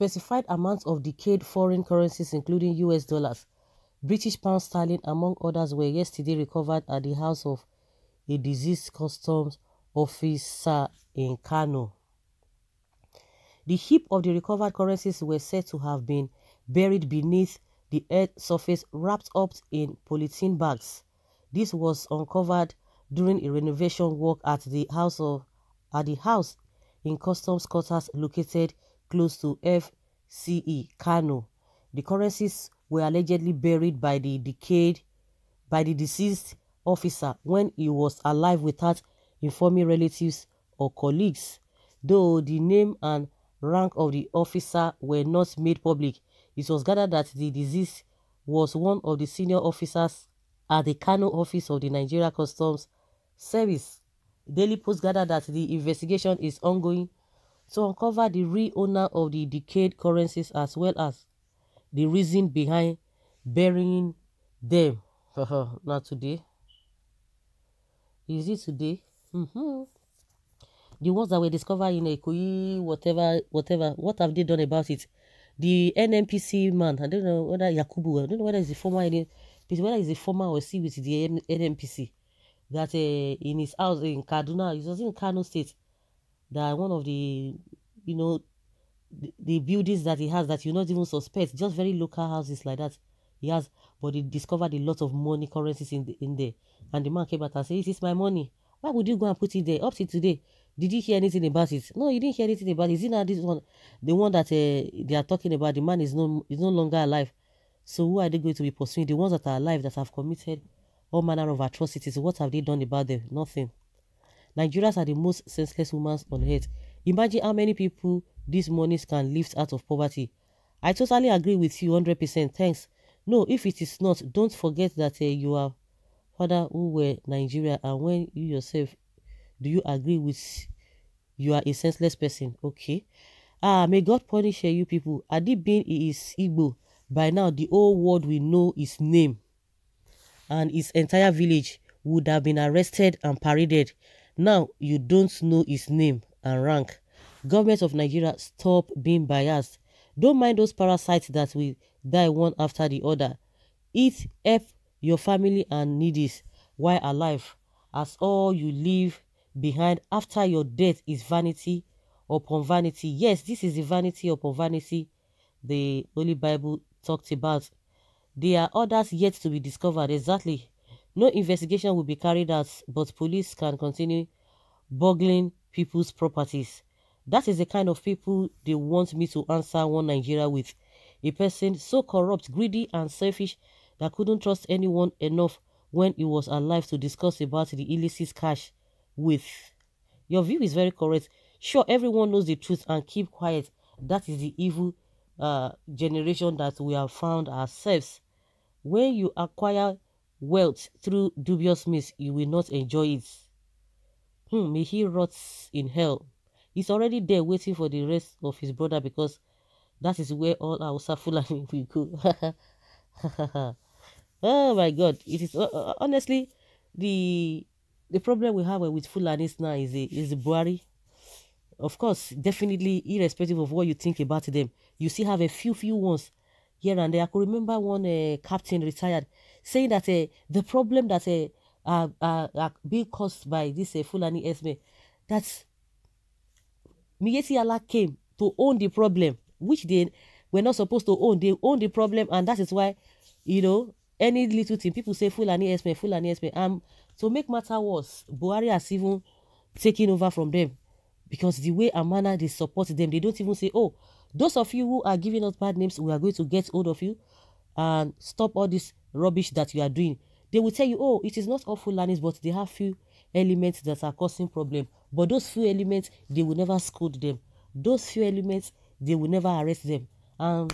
specified amounts of decayed foreign currencies including US dollars, British pound sterling among others were yesterday recovered at the house of a deceased customs officer in Kano. The heap of the recovered currencies were said to have been buried beneath the earth surface wrapped up in polythene bags. This was uncovered during a renovation work at the house of at the house in customs quarters located close to F CE, Kano. The currencies were allegedly buried by the decayed, by the deceased officer when he was alive without informing relatives or colleagues. Though the name and rank of the officer were not made public, it was gathered that the deceased was one of the senior officers at the Kano office of the Nigeria Customs Service. Daily Post gathered that the investigation is ongoing to uncover the real owner of the decayed currencies as well as the reason behind burying them. Not today. Is it today? Mm-hmm. The ones that were discovered in Ekoi, whatever, whatever. What have they done about it? The NMPC man, I don't know whether Yakubu, I don't know whether he's a former NMPC, whether he's a former or see with the NMPC, that uh, in his house in Kaduna, he was in Kano State, that one of the, you know, the, the buildings that he has that you not even suspect, just very local houses like that. He has, but he discovered a lot of money currencies in the, in there. And the man came back and said, "This is my money. Why would you go and put it there? Up to today, did you hear anything about it? No, you didn't hear anything about it. Is it not this one, the one that uh, they are talking about? The man is no is no longer alive. So who are they going to be pursuing? The ones that are alive that have committed all manner of atrocities. What have they done about them? Nothing. Nigerians are the most senseless women on earth. Imagine how many people these monies can lift out of poverty. I totally agree with you 100%. Thanks. No, if it is not, don't forget that uh, you are father who were Nigeria and when you yourself, do you agree with you are a senseless person? Okay. Ah, may God punish eh, you people. Adi Bin is Igbo. By now, the whole world will know his name. And his entire village would have been arrested and paraded. Now you don't know his name and rank. Government of Nigeria, stop being biased. Don't mind those parasites that will die one after the other. Eat help your family and needies while alive, as all you leave behind after your death is vanity upon vanity. Yes, this is the vanity upon vanity the Holy Bible talked about. There are others yet to be discovered. Exactly. No investigation will be carried out, but police can continue burgling people's properties. That is the kind of people they want me to answer one Nigeria with. A person so corrupt, greedy and selfish that couldn't trust anyone enough when he was alive to discuss about the illicit cash with. Your view is very correct. Sure, everyone knows the truth and keep quiet. That is the evil uh, generation that we have found ourselves. When you acquire wealth through dubious means, you will not enjoy it. Hmm, may he rot in hell. He's already there waiting for the rest of his brother because that is where all our Fulani will go. oh my God! It is uh, uh, uh, honestly the the problem we have with Fulanis now is the, is the Buhari. Of course, definitely, irrespective of what you think about them, you still have a few few ones here and there. I could remember one uh, captain retired saying that uh, the problem that uh, uh, uh, being caused by this uh, Fulani Esme, that Miyeti Allah came to own the problem, which they were not supposed to own. They own the problem, and that is why, you know, any little thing, people say Fulani Esme, Fulani Esme. Um, to make matter worse, Buhari has even taken over from them because the way and manner they support them, they don't even say, oh, those of you who are giving us bad names, we are going to get hold of you and stop all this rubbish that you are doing. They will tell you, oh, it is not all Fulanis, but they have few elements that are causing problem. But those few elements, they will never scold them. Those few elements, they will never arrest them. Um,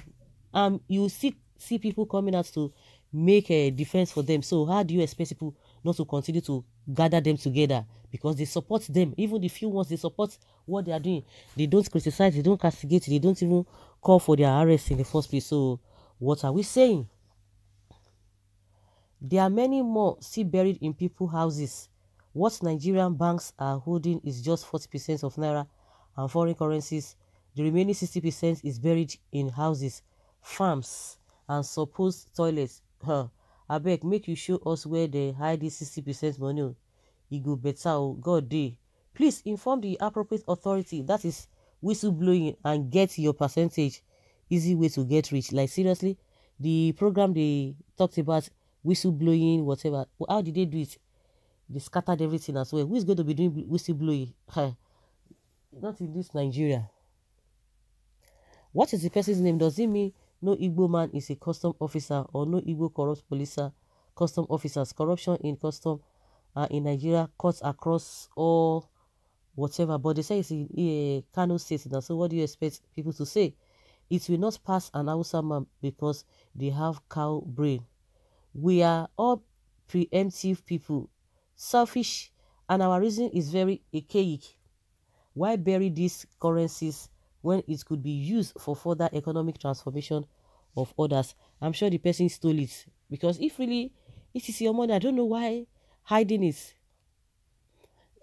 um, you see, see people coming out to make a defense for them. So how do you expect people not to continue to gather them together? Because they support them. Even the few ones, they support what they are doing. They don't criticize, they don't castigate, they don't even call for their arrest in the first place. So, what are we saying? There are many more still buried in people's houses. What Nigerian banks are holding is just 40% of Naira and foreign currencies. The remaining 60% is buried in houses, farms, and supposed toilets. Huh. beg, make you show us where they hide this sixty percent money o e go better oh. god dey Please inform the appropriate authority, that is whistleblowing, and get your percentage. Easy way to get rich. Like seriously, the program they talked about whistleblowing, whatever. How did they do it? They scattered everything as well. Who is going to be doing whistleblowing? Not in this Nigeria. What is the person's name? Does it mean no Igbo man is a custom officer or no Igbo corrupt policer, custom officers? Corruption in custom uh, in Nigeria cuts across all whatever. But they say it's in a Kano State now. So what do you expect people to say? It will not pass an Hausa because they have cow brain. We are all preemptive people, selfish, and our reason is very archaic. Why bury these currencies when it could be used for further economic transformation of others? I'm sure the person stole it because if really it is your money, I don't know why hiding it.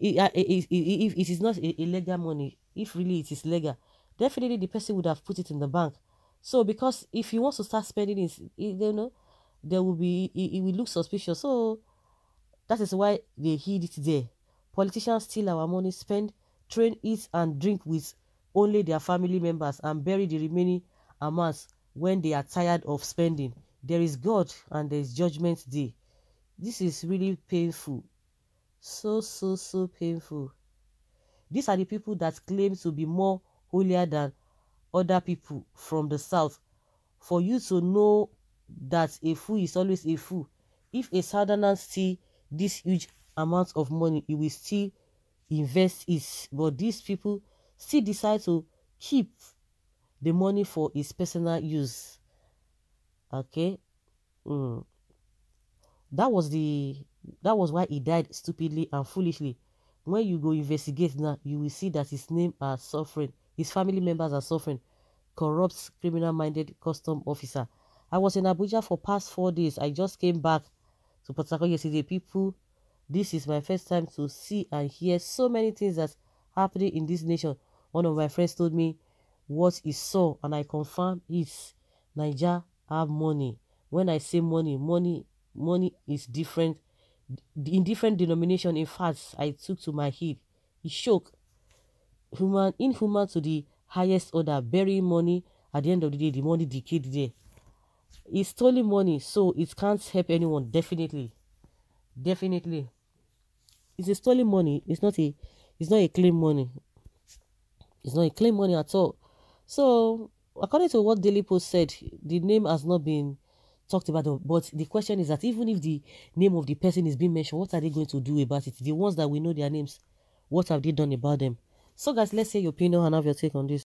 Uh, if it is not illegal money, if really it is legal, definitely the person would have put it in the bank. So because if he wants to start spending it, you know, there will be it, it will look suspicious. So that is why they hid it there. Politicians steal our money, spend, train, eat, and drink with only their family members and bury the remaining amounts when they are tired of spending. There is God and there is judgment day. This is really painful. So, so, so painful. These are the people that claim to be more holier than other people from the south. For you to know that a fool is always a fool. If a southerner see this huge amount of money, he will still invest it. But these people still decide to keep the money for his personal use. Okay? Mm. That was the that was why he died stupidly and foolishly. When you go investigate now, you will see that his name are suffering. His family members are suffering. Corrupt, criminal-minded custom officer. I was in Abuja for past four days. I just came back to Portaco yesterday. People, this is my first time to see and hear so many things that's happening in this nation. One of my friends told me what he saw, and I confirmed it. Niger have money. When I say money, money, money is different in different denomination in fact I took to my head. It shook. Human inhuman to the highest order, burying money at the end of the day, the money decayed there. It's stolen money, so it can't help anyone, definitely. Definitely. It's a stolen money, it's not a it's not a claim money. It's not a claim money at all. So according to what Daily Post said, the name has not been talked about them. but the question is that even if the name of the person is being mentioned what are they going to do about it the ones that we know their names what have they done about them so guys let's hear your opinion and have your take on this